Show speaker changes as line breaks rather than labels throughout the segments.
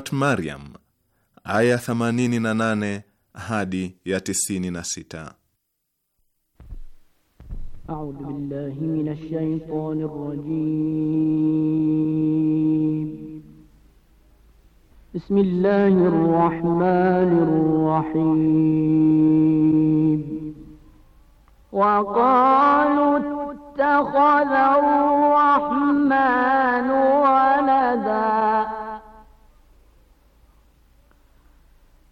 Surat Maryam aya 88 hadi ya 96.
A'udhu billahi minash
shaitani rrajim. Bismillahir rahmanir rahim. Wa qalu ittakhadha ar-rahmanu walada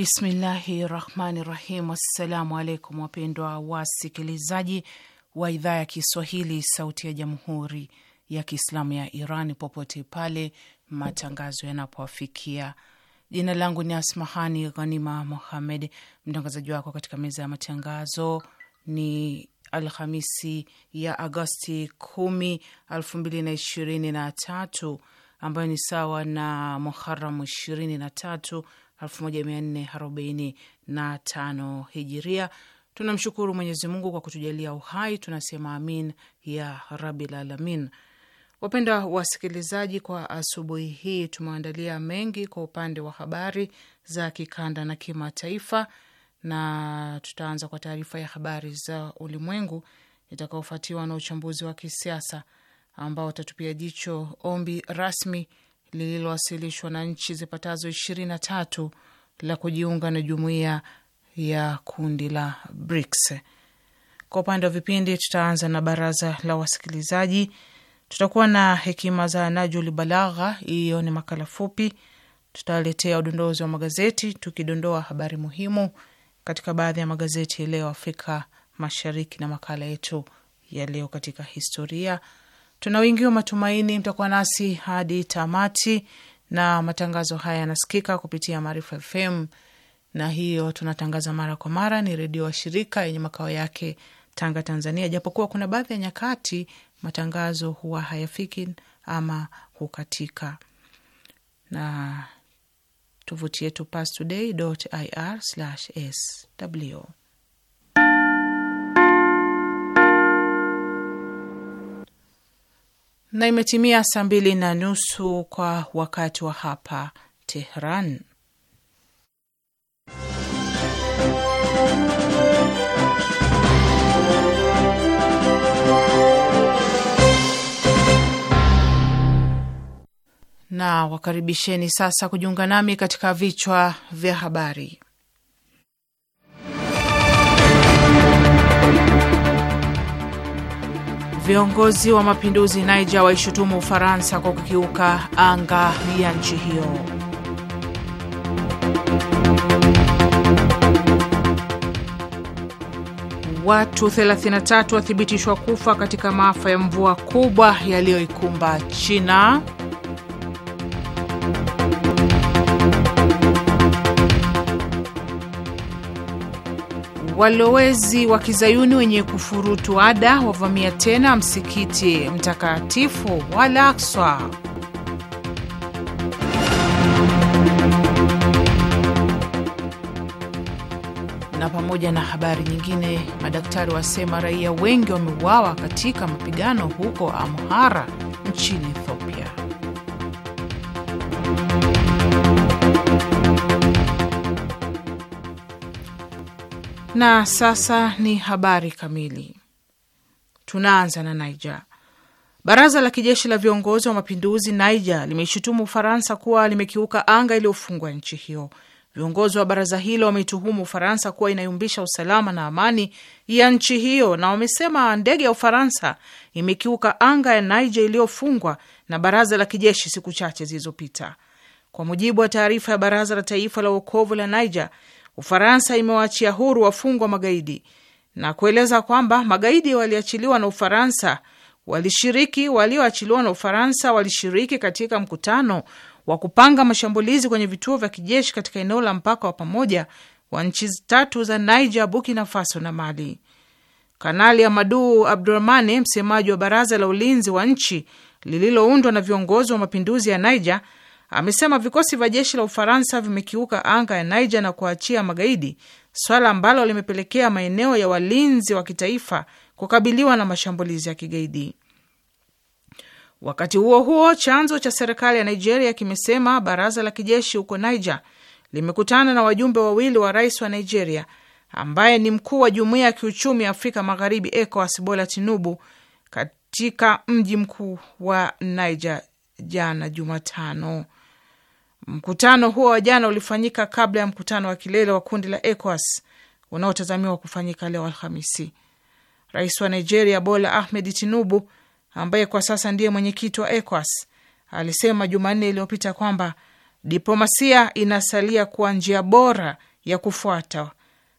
Bismillahi rahmani rahim. Assalamu alaikum wapendwa wasikilizaji wa idhaa ya Kiswahili sauti ya jamhuri ya Kiislamu ya Iran popote pale matangazo yanapoafikia Jina langu ni Asmahani Ghanima muhammed mtangazaji wako katika meza ya matangazo. Ni Alhamisi ya Agosti kumi alfu mbili na ishirini na tatu ambayo ni sawa na Muharamu ishirini na tatu 1445 hijiria. Tunamshukuru Mwenyezi Mungu kwa kutujalia uhai, tunasema amin ya rabil alamin. Wapenda wasikilizaji, kwa asubuhi hii tumeandalia mengi kwa upande wa habari za kikanda na kimataifa, na tutaanza kwa taarifa ya habari za ulimwengu itakaofuatiwa na uchambuzi wa kisiasa ambao utatupia jicho ombi rasmi lililowasilishwa na nchi zipatazo ishirini na tatu la kujiunga na jumuiya ya kundi la BRICS. Kwa upande wa vipindi, tutaanza na baraza la wasikilizaji. Tutakuwa na hekima za Najul Balagha, hiyo ni makala fupi. Tutaletea udondozi wa magazeti tukidondoa habari muhimu katika baadhi ya magazeti leo Afrika Mashariki, na makala yetu ya leo katika historia Tuna wingi wa matumaini mtakuwa nasi hadi tamati, na matangazo haya yanasikika kupitia Maarifa FM, na hiyo tunatangaza mara kwa mara. Ni redio wa shirika yenye makao yake Tanga, Tanzania, japokuwa kuna baadhi ya nyakati matangazo huwa hayafiki ama hukatika. Na tovuti yetu pastoday.ir/sw na imetimia saa mbili na nusu kwa wakati wa hapa Tehran. Na wakaribisheni sasa kujiunga nami katika vichwa vya habari. Viongozi wa mapinduzi Niger waishutumu Ufaransa kwa kukiuka anga ya nchi hiyo. Watu 33 wathibitishwa kufa katika maafa ya mvua kubwa yaliyoikumba China. Walowezi wa kizayuni wenye kufurutu ada wavamia tena msikiti mtakatifu wa Al-Aqsa. Na pamoja na habari nyingine, madaktari wasema raia wengi wameuawa katika mapigano huko Amhara nchini Na sasa ni habari kamili. Tunaanza na Niger. Baraza la kijeshi la viongozi wa mapinduzi Niger limeishutumu Ufaransa kuwa limekiuka anga iliyofungwa nchi hiyo. Viongozi wa baraza hilo wameituhumu Ufaransa kuwa inayumbisha usalama na amani ya nchi hiyo, na wamesema ndege ya Ufaransa imekiuka anga ya Niger iliyofungwa na baraza la kijeshi siku chache zilizopita. Kwa mujibu wa taarifa ya Baraza la Taifa la Uokovu la Niger, Ufaransa imewaachia huru wafungwa magaidi na kueleza kwamba magaidi waliachiliwa na Ufaransa walishiriki walioachiliwa na Ufaransa walishiriki katika mkutano wa kupanga mashambulizi kwenye vituo vya kijeshi katika eneo la mpaka wa pamoja wa nchi tatu za Niger, Burkina Faso na Mali. Kanali Amadu Abdurahmane, msemaji wa baraza la ulinzi wa nchi lililoundwa na viongozi wa mapinduzi ya Niger, amesema vikosi vya jeshi la Ufaransa vimekiuka anga ya Niger na kuachia magaidi, swala ambalo limepelekea maeneo ya walinzi wa kitaifa kukabiliwa na mashambulizi ya kigaidi. Wakati huo huo, chanzo cha serikali ya Nigeria kimesema baraza la kijeshi huko Niger limekutana na wajumbe wawili wa rais wa Nigeria ambaye ni mkuu wa jumuiya ya kiuchumi ya Afrika Magharibi ECOWAS Bola Tinubu katika mji mkuu wa Niger jana Jumatano. Mkutano huo wa jana ulifanyika kabla ya mkutano wa kilele wa kundi la ECOWAS unaotazamiwa kufanyika leo Alhamisi. Rais wa Nigeria Bola Ahmed Tinubu, ambaye kwa sasa ndiye mwenyekiti wa ECOWAS, alisema Jumanne iliyopita kwamba diplomasia inasalia kuwa njia bora ya kufuata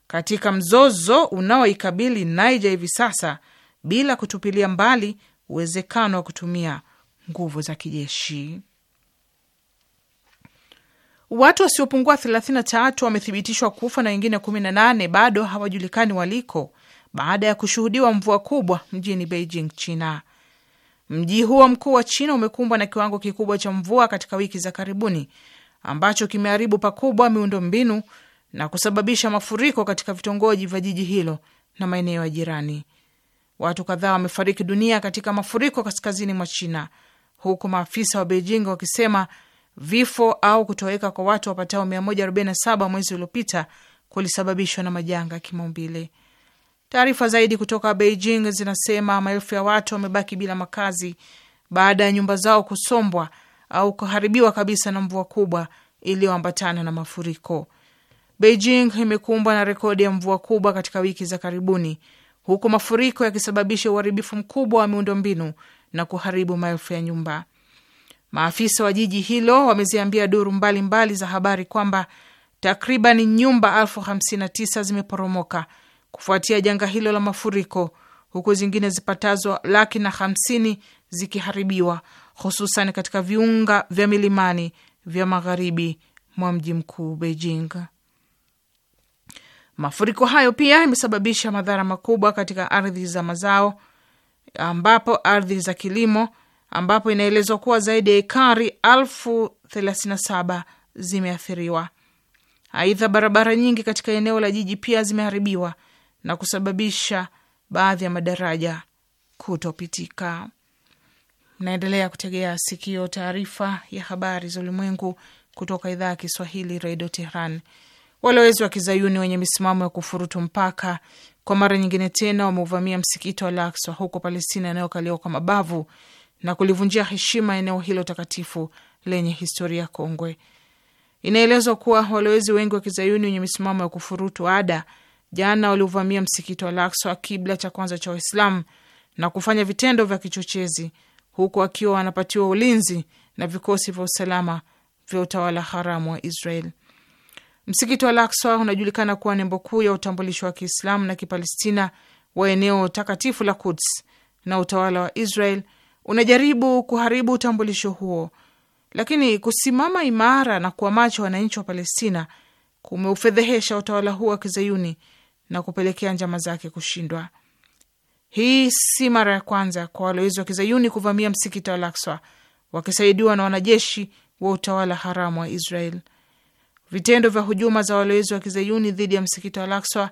katika mzozo unaoikabili naija hivi sasa, bila kutupilia mbali uwezekano wa kutumia nguvu za kijeshi. Watu wasiopungua 33 wamethibitishwa kufa na wengine 18 bado hawajulikani waliko baada ya kushuhudiwa mvua kubwa mjini Beijing, China. Mji huo mkuu wa China umekumbwa na kiwango kikubwa cha mvua katika wiki za karibuni ambacho kimeharibu pakubwa miundo mbinu na kusababisha mafuriko katika vitongoji vya jiji hilo na maeneo ya jirani. Watu kadhaa wamefariki dunia katika mafuriko kaskazini mwa China, huku maafisa wa Beijing wakisema Vifo au kutoweka kwa watu wapatao 147 mwezi uliopita kulisababishwa na majanga ya kimaumbile. Taarifa zaidi kutoka Beijing zinasema maelfu ya watu wamebaki bila makazi baada ya nyumba zao kusombwa au kuharibiwa kabisa na mvua kubwa iliyoambatana na mafuriko. Beijing imekumbwa na rekodi ya mvua kubwa katika wiki za karibuni, huku mafuriko yakisababisha uharibifu mkubwa wa miundombinu na kuharibu maelfu ya nyumba. Maafisa wa jiji hilo wameziambia duru mbalimbali mbali za habari kwamba takriban nyumba elfu hamsini na tisa zimeporomoka kufuatia janga hilo la mafuriko, huku zingine zipatazo laki na hamsini zikiharibiwa hususan katika viunga vya milimani vya magharibi mwa mji mkuu Beijing. Mafuriko hayo pia yamesababisha madhara makubwa katika ardhi za mazao, ambapo ardhi za kilimo ambapo inaelezwa kuwa zaidi ya ekari elfu saba zimeathiriwa. Aidha, barabara nyingi katika eneo la jiji pia zimeharibiwa na kusababisha baadhi ya madaraja kutopitika. Naendelea kutegea sikio taarifa ya habari za ulimwengu kutoka idhaa ya Kiswahili redio Tehran. Walowezi wa kizayuni wenye misimamo ya kufurutu mpaka kwa mara nyingine tena wameuvamia msikiti wa Al-Aqsa huko Palestina inayokaliwa kwa mabavu na kulivunjia heshima eneo hilo takatifu lenye historia kongwe. Inaelezwa kuwa walowezi wengi wa kizayuni wenye misimamo ya kufurutu ada jana waliovamia msikiti wa Al-Aqsa, kibla cha kwanza cha Waislamu, na kufanya vitendo vya kichochezi, huku wakiwa wanapatiwa ulinzi na vikosi vya usalama vya utawala haramu wa Israel. Msikiti wa Al-Aqsa unajulikana kuwa nembo kuu ya utambulisho wa Kiislamu na Kipalestina wa eneo takatifu la Quds na utawala wa Israel unajaribu kuharibu utambulisho huo, lakini kusimama imara na kuwa macho wananchi wa Palestina kumeufedhehesha utawala huo wa kizayuni na kupelekea njama zake kushindwa. Hii si mara ya kwanza kwa walowezi wa kizayuni kuvamia msikiti wa Al-Aqsa wakisaidiwa na wanajeshi wa utawala haramu wa Israel. Vitendo vya hujuma za walowezi wa kizayuni dhidi ya msikiti wa Al-Aqsa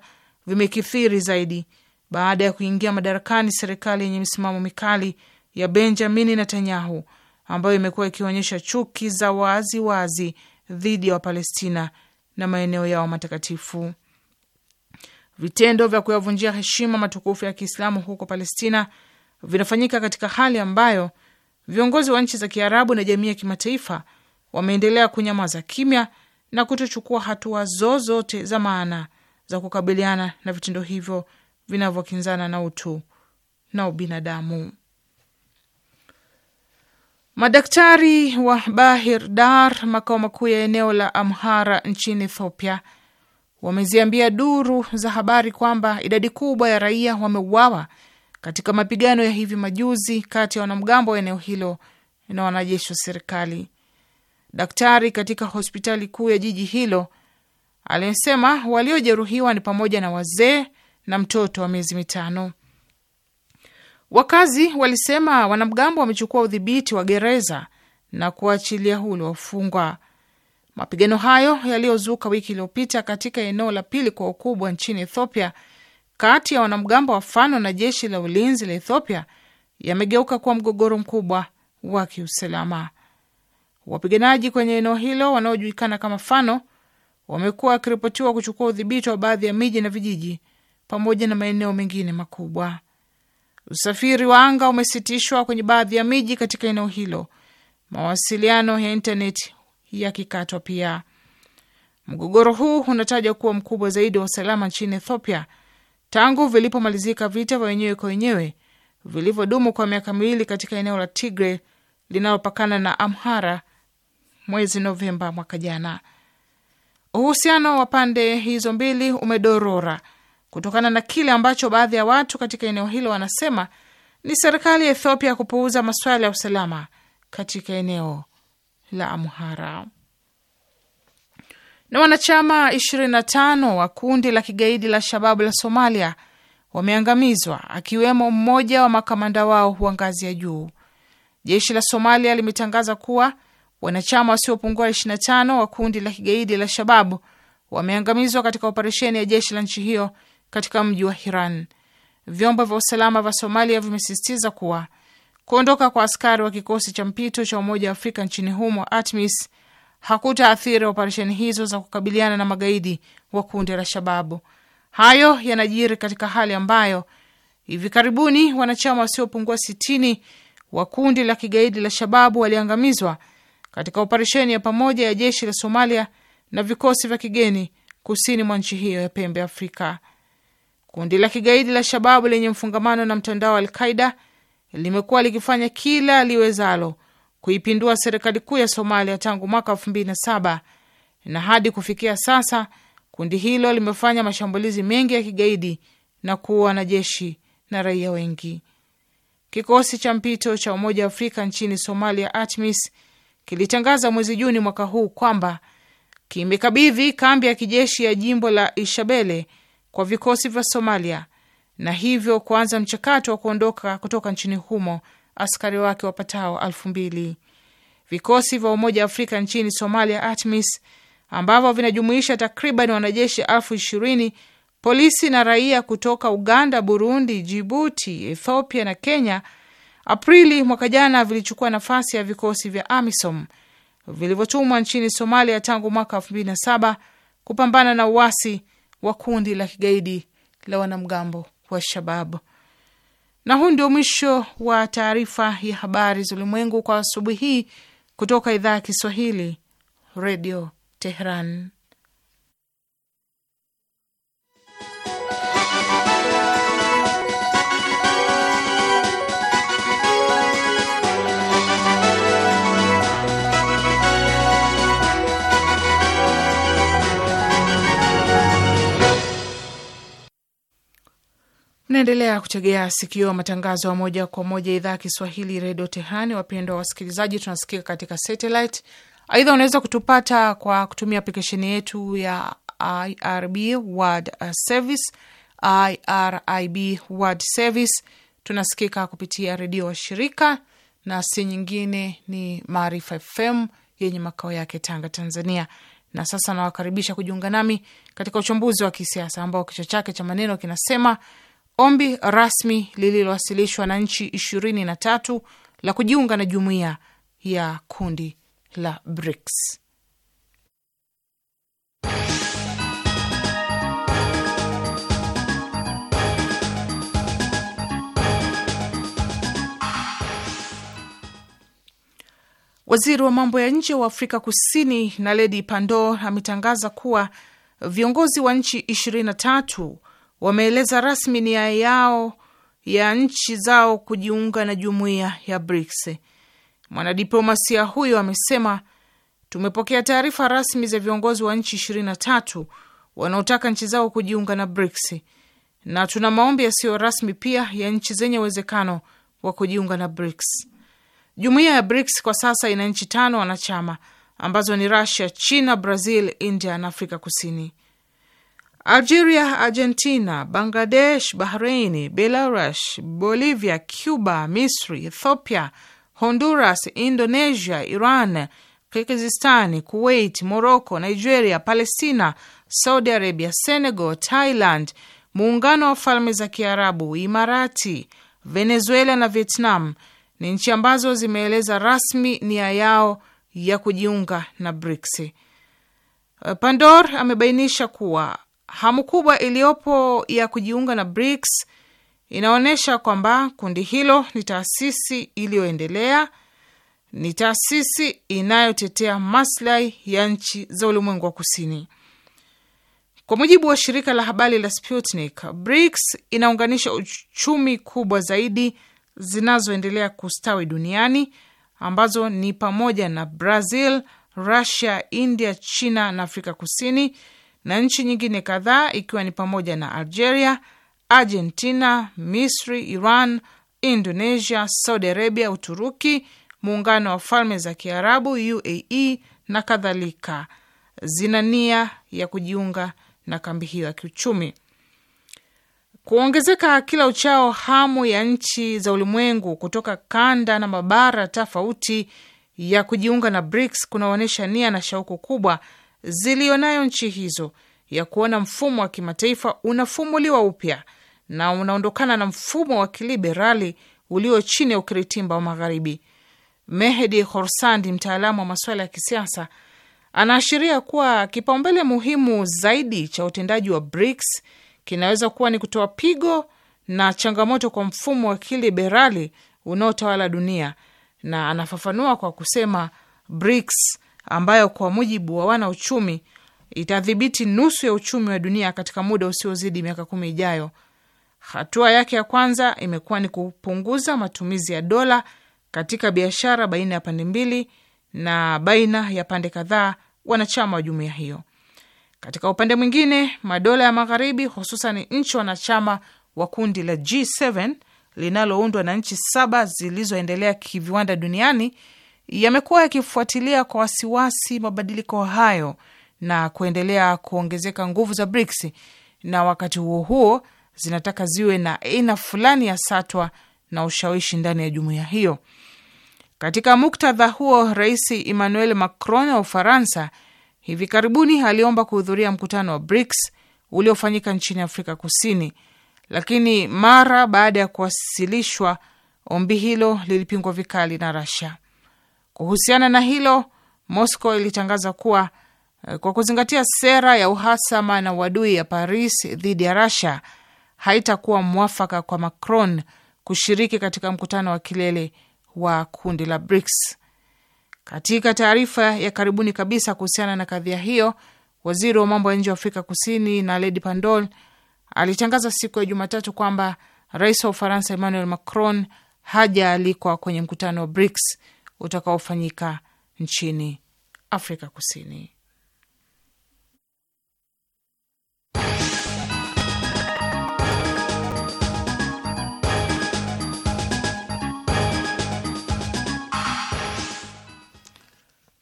vimekithiri zaidi baada ya kuingia madarakani serikali yenye misimamo mikali ya Benjamini Netanyahu ambayo imekuwa ikionyesha chuki za wazi wazi dhidi ya Wapalestina na maeneo yao matakatifu. Vitendo vya kuyavunjia heshima matukufu ya Kiislamu huko Palestina vinafanyika katika hali ambayo viongozi wa nchi za Kiarabu na jamii ya kimataifa wameendelea kunyamaza kimya na kutochukua hatua zozote za maana za kukabiliana na vitendo hivyo vinavyokinzana na utu na ubinadamu. Madaktari wa Bahir Dar, makao makuu ya eneo la Amhara nchini Ethiopia, wameziambia duru za habari kwamba idadi kubwa ya raia wameuawa katika mapigano ya hivi majuzi kati ya wanamgambo wa eneo hilo na wanajeshi wa serikali. Daktari katika hospitali kuu ya jiji hilo aliyesema waliojeruhiwa ni pamoja na wazee na mtoto wa miezi mitano. Wakazi walisema wanamgambo wamechukua udhibiti wa gereza na kuachilia huru wafungwa. Mapigano hayo yaliyozuka wiki iliyopita katika eneo la pili kwa ukubwa nchini Ethiopia kati ya wanamgambo wa Fano na jeshi la ulinzi la Ethiopia yamegeuka kuwa mgogoro mkubwa wa kiusalama. Wapiganaji kwenye eneo hilo wanaojulikana kama Fano wamekuwa wakiripotiwa kuchukua udhibiti wa baadhi ya miji na vijiji pamoja na maeneo mengine makubwa. Usafiri wa anga umesitishwa kwenye baadhi ya miji katika eneo hilo, mawasiliano ya intaneti yakikatwa pia. Mgogoro huu unataja kuwa mkubwa zaidi wa usalama nchini Ethiopia tangu vilipomalizika vita vya wenyewe kwa wenyewe vilivyodumu kwa miaka miwili katika eneo la Tigre linalopakana na Amhara mwezi Novemba mwaka jana. Uhusiano wa pande hizo mbili umedorora kutokana na kile ambacho baadhi ya watu katika eneo hilo wanasema ni serikali ya Ethiopia kupuuza masuala ya usalama katika eneo la Amhara. Na wanachama 25 wa kundi la kigaidi la Shababu la Somalia wameangamizwa akiwemo mmoja wa makamanda wao wa ngazi ya juu. Jeshi la Somalia limetangaza kuwa wanachama wasiopungua 25 wa kundi la kigaidi la Shababu wameangamizwa katika operesheni ya jeshi la nchi hiyo katika mji wa Hiran. Vyombo vya usalama vya Somalia vimesisitiza kuwa kuondoka kwa askari wa kikosi cha mpito cha Umoja wa Afrika nchini humo ATMIS hakutaathiri operesheni hizo za kukabiliana na magaidi wa kundi la Shababu. Hayo yanajiri katika hali ambayo hivi karibuni wanachama wasiopungua sitini wa kundi la kigaidi la Shababu waliangamizwa katika operesheni ya pamoja ya jeshi la Somalia na vikosi vya kigeni kusini mwa nchi hiyo ya pembe Afrika. Kundi la kigaidi la Shababu lenye mfungamano na mtandao wa Alqaida limekuwa likifanya kila liwezalo kuipindua serikali kuu ya Somalia tangu mwaka elfu mbili na saba na hadi kufikia sasa kundi hilo limefanya mashambulizi mengi ya kigaidi na kuua wanajeshi na raia wengi. Kikosi cha mpito cha Umoja wa Afrika nchini Somalia, ATMIS, kilitangaza mwezi Juni mwaka huu kwamba kimekabidhi kambi ya kijeshi ya jimbo la Ishabele kwa vikosi vya Somalia na hivyo kuanza mchakato wa kuondoka kutoka nchini humo askari wake wapatao elfu mbili. Vikosi vya Umoja wa Afrika nchini Somalia, ATMIS, ambavyo vinajumuisha takriban wanajeshi elfu ishirini, polisi na raia kutoka Uganda, Burundi, Jibuti, Ethiopia na Kenya, Aprili mwaka jana vilichukua nafasi ya vikosi vya AMISOM vilivyotumwa nchini Somalia tangu mwaka elfu mbili na saba kupambana na uasi wa kundi la kigaidi la wanamgambo wa Shabab. Na huu ndio mwisho wa taarifa ya habari za ulimwengu kwa asubuhi hii kutoka idhaa ya Kiswahili, Redio teheran Naendelea kutegea sikio matangazo ya moja kwa moja idhaa ya Kiswahili redio Tehani. Wapendwa wasikilizaji, tunasikika katika satellite. Aidha, unaweza kutupata kwa kutumia aplikesheni yetu ya IRB World Service, IRIB World Service. Tunasikika kupitia redio wa shirika na si nyingine ni Maarifa FM yenye makao yake Tanga, Tanzania. Na sasa nawakaribisha kujiunga nami katika uchambuzi wa kisiasa ambao kichwa chake cha maneno kinasema Ombi rasmi lililowasilishwa na nchi ishirini na tatu la kujiunga na jumuiya ya kundi la BRICS. Waziri wa mambo ya nje wa Afrika Kusini Naledi Pandor ametangaza kuwa viongozi wa nchi ishirini na tatu wameeleza rasmi nia yao ya nchi zao kujiunga na jumuiya ya BRICS. Mwanadiplomasia huyo amesema, tumepokea taarifa rasmi za viongozi wa nchi 23 wanaotaka nchi zao kujiunga na BRICS na tuna maombi yasiyo rasmi pia ya nchi zenye uwezekano wa kujiunga na BRICS. Jumuiya ya BRICS kwa sasa ina nchi tano wanachama ambazo ni Russia, China, Brazil, India na Afrika Kusini. Algeria, Argentina, Bangladesh, Bahrain, Belarus, Bolivia, Cuba, Misri, Ethiopia, Honduras, Indonesia, Iran, Kirgizistan, Kuwait, Morocco, Nigeria, Palestina, Saudi Arabia, Senegal, Thailand, Muungano wa Falme za Kiarabu, Imarati, Venezuela na Vietnam ni nchi ambazo zimeeleza rasmi nia yao ya kujiunga na BRICS. Eh, Pandor amebainisha kuwa Hamu kubwa iliyopo ya kujiunga na BRICS inaonyesha kwamba kundi hilo ni taasisi iliyoendelea, ni taasisi inayotetea maslahi ya nchi za ulimwengu wa kusini. Kwa mujibu wa shirika la habari la Sputnik, BRICS inaunganisha uchumi kubwa zaidi zinazoendelea kustawi duniani ambazo ni pamoja na Brazil, Russia, India, China na Afrika Kusini na nchi nyingine kadhaa ikiwa ni pamoja na Algeria, Argentina, Misri, Iran, Indonesia, Saudi Arabia, Uturuki, Muungano wa Falme za Kiarabu UAE na kadhalika, zina nia ya kujiunga na kambi hiyo ya kiuchumi. Kuongezeka kila uchao hamu ya nchi za ulimwengu kutoka kanda na mabara tofauti ya kujiunga na BRICS kunaonyesha nia na shauku kubwa zilionayo nchi hizo ya kuona mfumo wa kimataifa unafumuliwa upya na unaondokana na mfumo wa kiliberali ulio chini ya ukiritimba wa Magharibi. Mehdi Horsandi, mtaalamu wa masuala ya kisiasa, anaashiria kuwa kipaumbele muhimu zaidi cha utendaji wa BRICS kinaweza kuwa ni kutoa pigo na changamoto kwa mfumo wa kiliberali unaotawala dunia, na anafafanua kwa kusema BRICS ambayo kwa mujibu wa wana uchumi itadhibiti nusu ya uchumi wa dunia katika muda usiozidi miaka kumi ijayo. Hatua yake ya kwanza imekuwa ni kupunguza matumizi ya dola katika biashara baina ya pande mbili na baina ya pande kadhaa wanachama wa jumuiya hiyo. Katika upande mwingine, madola ya magharibi, hususan nchi wanachama wa kundi la G7 linaloundwa na nchi saba zilizoendelea kiviwanda duniani yamekuwa yakifuatilia kwa wasiwasi mabadiliko hayo na kuendelea kuongezeka nguvu za BRICS, na wakati huo huo zinataka ziwe na aina fulani ya satwa na ushawishi ndani ya jumuiya hiyo. Katika muktadha huo, Rais Emmanuel Macron wa Ufaransa hivi karibuni aliomba kuhudhuria mkutano wa BRICS uliofanyika nchini Afrika Kusini, lakini mara baada ya kuwasilishwa ombi hilo lilipingwa vikali na Russia. Kuhusiana na hilo, Moscow ilitangaza kuwa eh, kwa kuzingatia sera ya uhasama na uadui ya Paris dhidi ya Russia, haitakuwa mwafaka kwa Macron kushiriki katika mkutano wa kilele wa kundi la BRICS. Katika taarifa ya karibuni kabisa kuhusiana na kadhia hiyo, waziri wa mambo ya nje wa Afrika Kusini na Lady pandol alitangaza siku ya Jumatatu kwamba rais wa Ufaransa Emmanuel Macron hajaalikwa kwenye mkutano wa BRICS utakaofanyika nchini Afrika Kusini.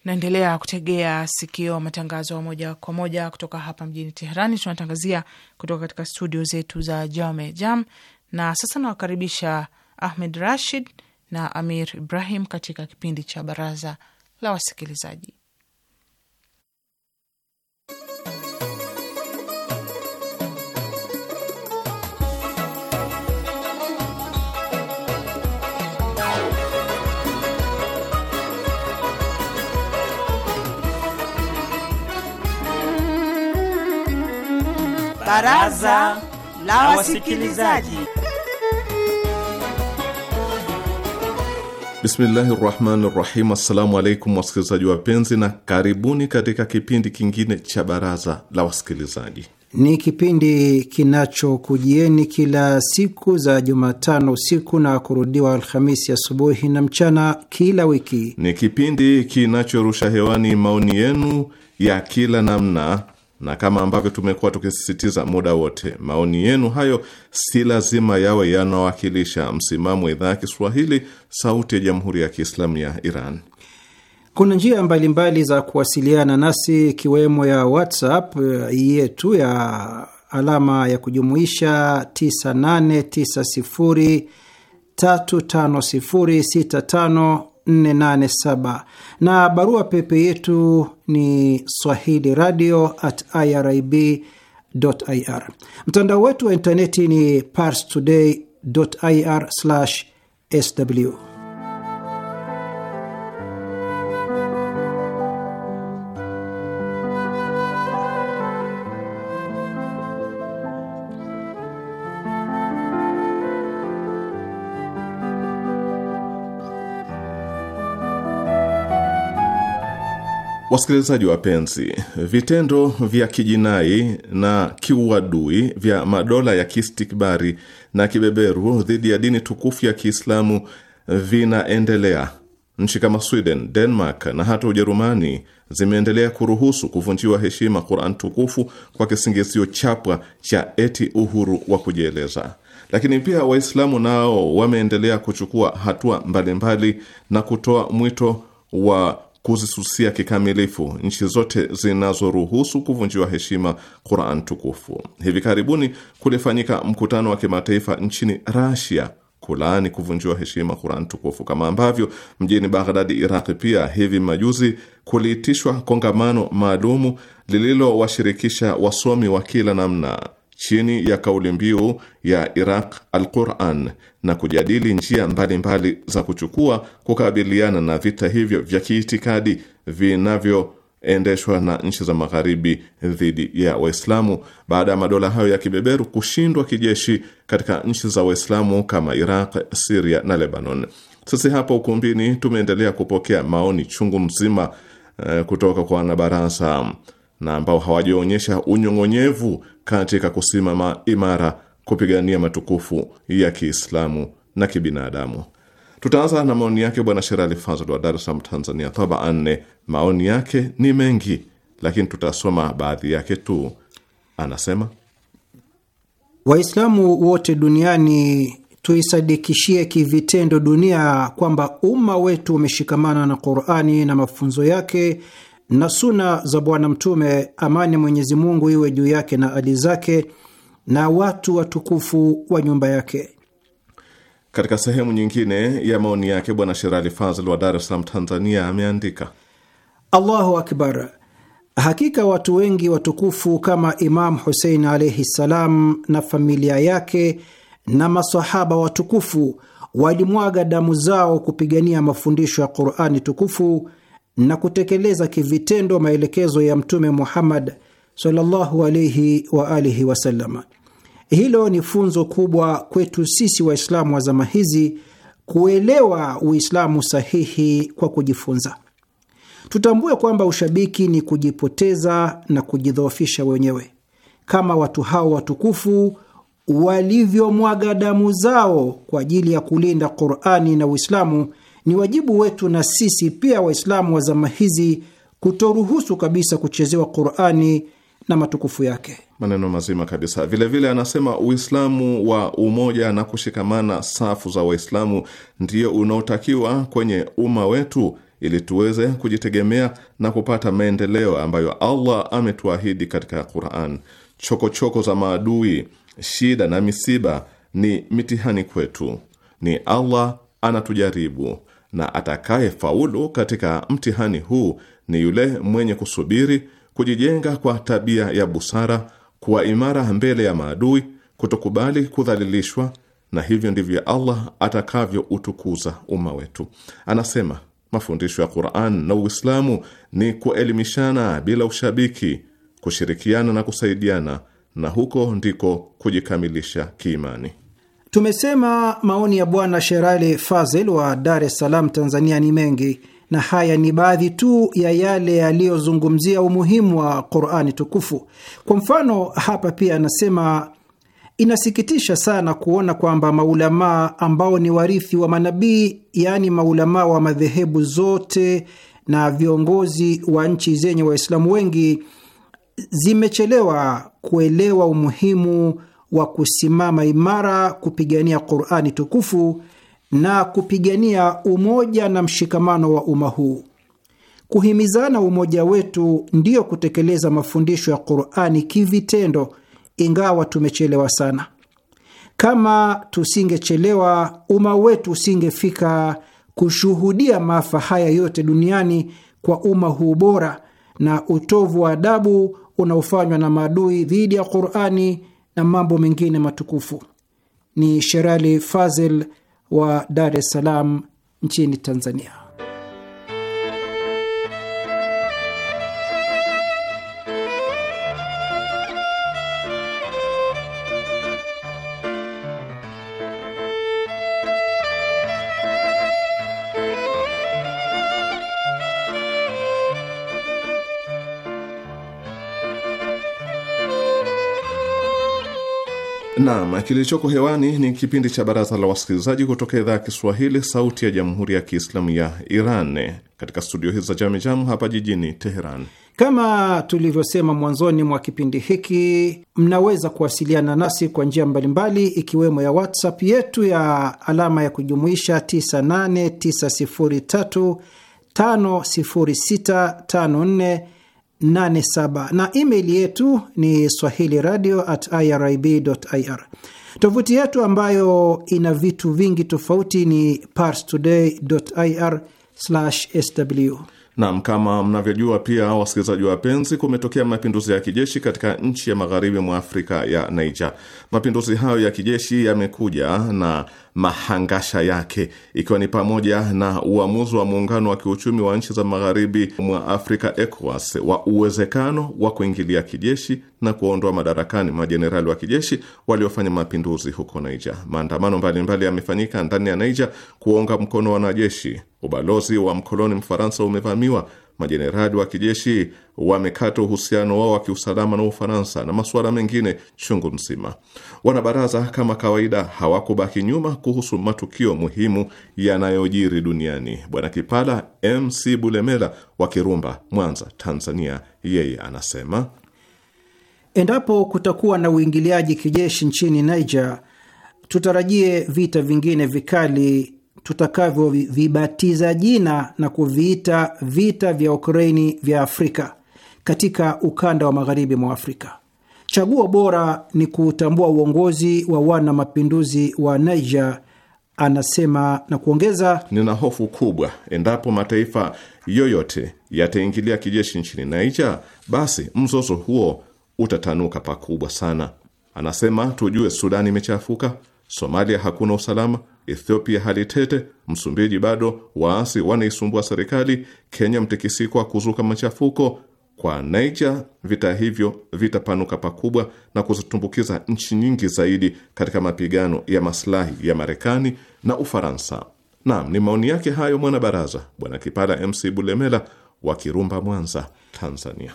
Naendelea kutegea sikio matangazo ya moja kwa moja kutoka hapa mjini Teherani. Tunatangazia kutoka katika studio zetu za Jame Jam, na sasa nawakaribisha Ahmed Rashid na Amir Ibrahim katika kipindi cha baraza la wasikilizaji. Baraza la wasikilizaji.
Bismillahi rahmani rahim. Assalamu alaikum wasikilizaji wapenzi, na karibuni katika kipindi kingine cha Baraza la Wasikilizaji.
Ni kipindi kinachokujieni kila siku za Jumatano usiku na kurudiwa Alhamisi asubuhi na mchana kila
wiki. Ni kipindi kinachorusha hewani maoni yenu ya kila namna na kama ambavyo tumekuwa tukisisitiza muda wote, maoni yenu hayo si lazima yawe yanawakilisha msimamo wa idhaa ya Kiswahili, Sauti ya Jamhuri ya Kiislamu ya Iran.
Kuna njia mbalimbali mbali za kuwasiliana nasi, ikiwemo ya WhatsApp eh, yetu ya alama ya kujumuisha 9890350654 487 na barua pepe yetu ni swahili radio at irib ir. Mtandao wetu wa intaneti ni pars today ir sw
Wasikilizaji wapenzi, vitendo vya kijinai na kiuadui vya madola ya kistikbari na kibeberu dhidi ya dini tukufu ya Kiislamu vinaendelea. Nchi kama Sweden, Denmark na hata Ujerumani zimeendelea kuruhusu kuvunjiwa heshima Quran tukufu kwa kisingizio chapwa cha eti uhuru wa kujieleza. Lakini pia Waislamu nao wameendelea kuchukua hatua mbalimbali na kutoa mwito wa kuzisusia kikamilifu nchi zote zinazoruhusu kuvunjiwa heshima Quran tukufu. Hivi karibuni kulifanyika mkutano wa kimataifa nchini Rasia kulaani kuvunjiwa heshima Quran tukufu, kama ambavyo mjini Baghdadi, Iraqi, pia hivi majuzi kuliitishwa kongamano maalumu lililowashirikisha wasomi wa kila namna chini ya kauli mbiu ya Iraq al-Quran na kujadili njia mbalimbali mbali za kuchukua kukabiliana na vita hivyo vya kiitikadi vinavyoendeshwa na nchi za magharibi dhidi ya Waislamu baada ya madola hayo ya kibeberu kushindwa kijeshi katika nchi za Waislamu kama Iraq, Syria na Lebanon. Sisi hapa ukumbini tumeendelea kupokea maoni chungu mzima eh, kutoka kwa wanabaraza na ambao hawajaonyesha unyong'onyevu katika kusimama imara kupigania matukufu ya Kiislamu na kibinadamu. Tutaanza na maoni yake Bwana Sherali Fazl wa Dar es Salaam, Tanzania, toba anne. Maoni yake ni mengi, lakini tutasoma baadhi yake tu. Anasema
Waislamu wote duniani tuisadikishie kivitendo dunia kwamba umma wetu umeshikamana na Qur'ani na mafunzo yake na suna za Bwana Mtume, amani Mwenyezi Mungu iwe juu yake na ali zake na watu watukufu wa nyumba yake.
Katika sehemu nyingine ya maoni yake, Bwana Sherali Fazl wa Dar es Salaam, Tanzania, ameandika
Allahu akbar, hakika watu wengi watukufu kama Imam Husein alaihi ssalam na familia yake na masahaba watukufu walimwaga damu zao kupigania mafundisho ya Qurani tukufu na kutekeleza kivitendo maelekezo ya Mtume Muhammad sallallahu alaihi wa alihi wasallam. Hilo ni funzo kubwa kwetu sisi Waislamu wa zama hizi, kuelewa Uislamu sahihi kwa kujifunza. Tutambue kwamba ushabiki ni kujipoteza na kujidhoofisha wenyewe, kama watu hao watukufu walivyomwaga damu zao kwa ajili ya kulinda Qur'ani na Uislamu ni wajibu wetu na sisi pia Waislamu wa zama hizi kutoruhusu kabisa kuchezewa Qurani na matukufu yake.
Maneno mazima kabisa. Vilevile vile anasema Uislamu wa umoja na kushikamana safu za Waislamu ndio unaotakiwa kwenye umma wetu ili tuweze kujitegemea na kupata maendeleo ambayo Allah ametuahidi katika Quran. Chokochoko za maadui, shida na misiba ni mitihani kwetu, ni Allah anatujaribu na atakaye faulu katika mtihani huu ni yule mwenye kusubiri, kujijenga kwa tabia ya busara, kuwa imara mbele ya maadui, kutokubali kudhalilishwa, na hivyo ndivyo Allah atakavyoutukuza umma wetu. Anasema mafundisho ya Qur'an na Uislamu ni kuelimishana bila ushabiki, kushirikiana na kusaidiana, na huko ndiko kujikamilisha kiimani.
Tumesema maoni ya Bwana Sherale Fazel wa Dar es Salaam, Tanzania ni mengi na haya ni baadhi tu ya yale yaliyozungumzia umuhimu wa Qurani tukufu. Kwa mfano, hapa pia anasema inasikitisha sana kuona kwamba maulamaa ambao ni warithi wa manabii, yaani maulamaa wa madhehebu zote na viongozi wa nchi zenye Waislamu wengi, zimechelewa kuelewa umuhimu wa kusimama imara kupigania Qurani tukufu na kupigania umoja na mshikamano wa umma huu. Kuhimizana umoja wetu ndiyo kutekeleza mafundisho ya Qurani kivitendo, ingawa tumechelewa sana. Kama tusingechelewa, umma wetu usingefika kushuhudia maafa haya yote duniani kwa umma huu bora na utovu wa adabu unaofanywa na maadui dhidi ya Qurani na mambo mengine matukufu. Ni Sherali Fazil wa Dar es Salaam nchini Tanzania.
Naam, kilichoko hewani ni kipindi cha Baraza la Wasikilizaji kutoka idhaa ya Kiswahili, Sauti ya Jamhuri ya Kiislamu ya Iran, katika studio hizi za Jamijamu hapa jijini Teheran.
Kama tulivyosema mwanzoni mwa kipindi hiki, mnaweza kuwasiliana nasi kwa njia mbalimbali, ikiwemo ya WhatsApp yetu ya alama ya kujumuisha 9890350654 87 na email yetu ni swahili radio at irib ir. Tovuti yetu ambayo ina vitu vingi tofauti ni parstoday ir
sw. Naam, kama mnavyojua pia, wasikilizaji wapenzi, kumetokea mapinduzi ya kijeshi katika nchi ya magharibi mwa Afrika ya Niger. Mapinduzi hayo ya kijeshi yamekuja na mahangasha yake ikiwa ni pamoja na uamuzi wa muungano wa kiuchumi wa nchi za magharibi mwa Afrika ECOWAS wa uwezekano wa kuingilia kijeshi na kuondoa madarakani majenerali wa kijeshi waliofanya mapinduzi huko Niger. Maandamano mbalimbali yamefanyika ndani ya Niger kuwaunga mkono wanajeshi. Ubalozi wa mkoloni Mfaransa umevamiwa majenerali wa kijeshi wamekata uhusiano wao wa kiusalama na Ufaransa na masuala mengine chungu mzima. Wanabaraza kama kawaida hawakubaki nyuma kuhusu matukio muhimu yanayojiri duniani. Bwana Kipala MC Bulemela wa Kirumba, Mwanza, Tanzania, yeye anasema
endapo kutakuwa na uingiliaji kijeshi nchini Niger, tutarajie vita vingine vikali tutakavyovibatiza jina na kuviita vita vya Ukraini vya Afrika katika ukanda wa magharibi mwa Afrika. Chaguo bora ni kuutambua uongozi wa wana mapinduzi wa
Niger, anasema na kuongeza, nina hofu kubwa endapo mataifa yoyote yataingilia kijeshi nchini Niger, basi mzozo huo utatanuka pakubwa sana. Anasema tujue, Sudani imechafuka, Somalia hakuna usalama Ethiopia hali tete, Msumbiji bado waasi wanaisumbua serikali, Kenya mtikisiko kuzuka machafuko. Kwa Niger vita hivyo vitapanuka pakubwa na kuzitumbukiza nchi nyingi zaidi katika mapigano ya maslahi ya Marekani na Ufaransa. Naam, ni maoni yake hayo mwanabaraza Bwana Kipala MC Bulemela wa Kirumba, Mwanza, Tanzania.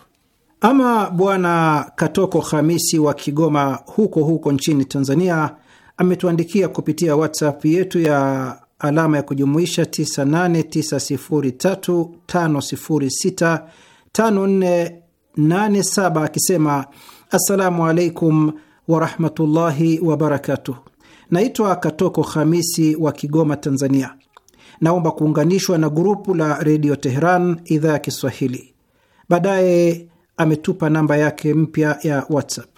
Ama
Bwana Katoko Hamisi wa Kigoma huko huko nchini Tanzania ametuandikia kupitia WhatsApp yetu ya alama ya kujumuisha 989035065487 akisema assalamu alaikum warahmatullahi wabarakatuh. Naitwa Katoko Hamisi wa Kigoma, Tanzania. Naomba kuunganishwa na gurupu la redio Teheran idhaa ya Kiswahili. Baadaye ametupa namba yake
mpya ya WhatsApp.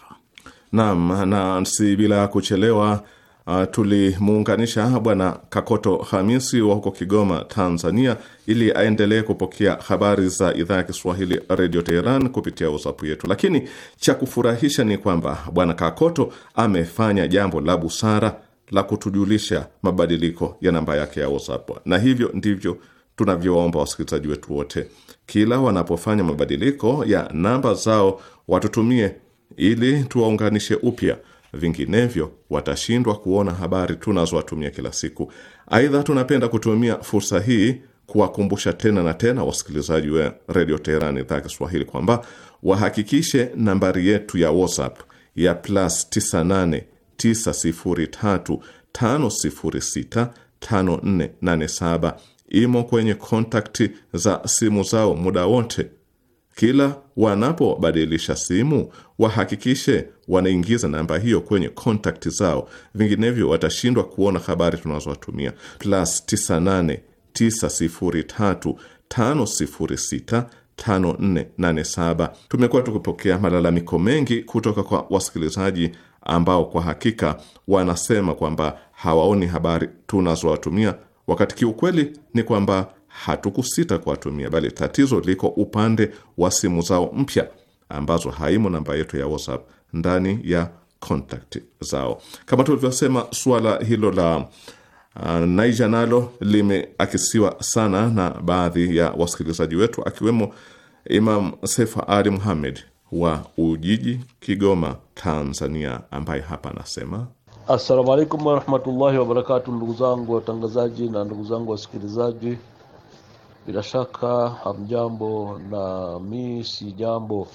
Naam, na si bila kuchelewa uh, tulimuunganisha Bwana Kakoto Hamisi wa huko Kigoma, Tanzania, ili aendelee kupokea habari za idhaa ya Kiswahili Redio Teheran kupitia WhatsApp yetu. Lakini cha kufurahisha ni kwamba Bwana Kakoto amefanya jambo la busara la kutujulisha mabadiliko ya namba yake ya WhatsApp, na hivyo ndivyo tunavyowaomba wasikilizaji wetu wote, kila wanapofanya mabadiliko ya namba zao watutumie ili tuwaunganishe upya, vinginevyo watashindwa kuona habari tunazowatumia kila siku. Aidha, tunapenda kutumia fursa hii kuwakumbusha tena na tena wasikilizaji wa redio Teherani idhaa Kiswahili kwamba wahakikishe nambari yetu ya WhatsApp ya plus 989035065487 imo kwenye kontakti za simu zao muda wote kila wanapobadilisha simu wahakikishe wanaingiza namba hiyo kwenye kontakti zao, vinginevyo watashindwa kuona habari tunazowatumia. Plus 989035065487. Tumekuwa tukipokea malalamiko mengi kutoka kwa wasikilizaji ambao kwa hakika wanasema kwamba hawaoni habari tunazowatumia, wakati kiukweli ni kwamba hatukusita kuwatumia, bali tatizo liko upande wa simu zao mpya ambazo haimo namba yetu ya WhatsApp ndani ya contact zao. Kama tulivyosema, suala hilo la uh, Niger nalo limeakisiwa sana na baadhi ya wasikilizaji wetu akiwemo Imam Sefa Ali Muhamed wa Ujiji, Kigoma, Tanzania, ambaye hapa anasema
assalamu alaikum warahmatullahi wabarakatu. Ndugu zangu watangazaji na ndugu zangu wasikilizaji bila shaka hamjambo, na mi si jambo.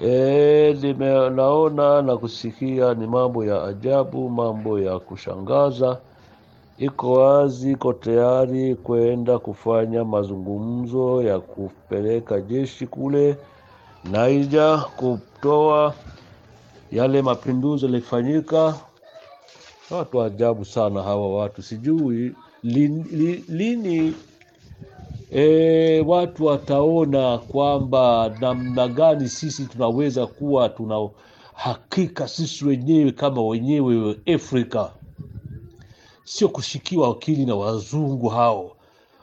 E, nimeona na kusikia ni mambo ya ajabu, mambo ya kushangaza. Iko wazi, iko tayari kwenda kufanya mazungumzo ya kupeleka jeshi kule Naija kutoa yale mapinduzi yalifanyika. Watu ajabu sana hawa watu, sijui lini, lini e, watu wataona kwamba namna gani sisi tunaweza kuwa tuna hakika sisi wenyewe kama wenyewe Afrika, sio kushikiwa akili na wazungu hao.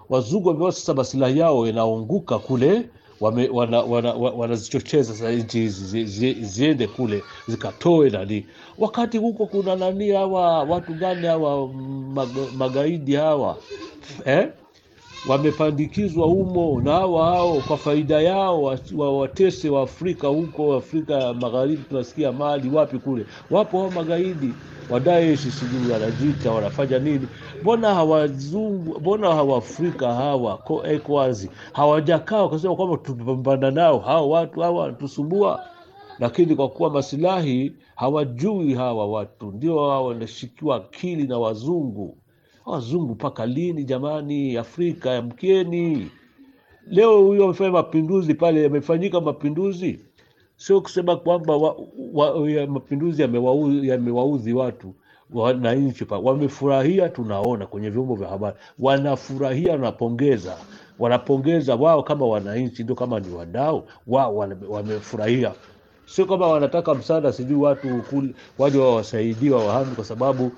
Wazungu wamea sasa masilahi yao yanaunguka kule, wanazichocheza wana, wana sasa nchi hizi ziende kule zikatoe nani, wakati huko kuna nani hawa watu gani hawa magaidi hawa eh? wamepandikizwa humo na hawa hao kwa faida yao wawatese wa Waafrika huko Afrika ya Magharibi. Tunasikia Mali wapi kule, wapo hao magaidi wa Daesh, sijui wanajita wanafanya nini? Mbona hawazungu, mbona hawaafrika hawa koekwazi eh, hawajakaa wakasema kwamba tupambana nao hao watu hawa wanatusumbua lakini kwa kuwa masilahi hawajui hawa watu, ndio hawa wanashikiwa akili na wazungu Wazungu mpaka lini jamani? Afrika yamkeni. Leo huyo amefanya mapinduzi pale, yamefanyika mapinduzi, sio kusema kwamba wa, wa, ya mapinduzi yamewaudhi ya watu wananchi pa wamefurahia, tunaona kwenye vyombo vya habari wanafurahia, wanapongeza, wanapongeza wao kama wananchi, ndio kama ni wadau wao, wamefurahia. Sio kama wanataka msaada, sijui watu waje wawasaidie wawahami, kwa sababu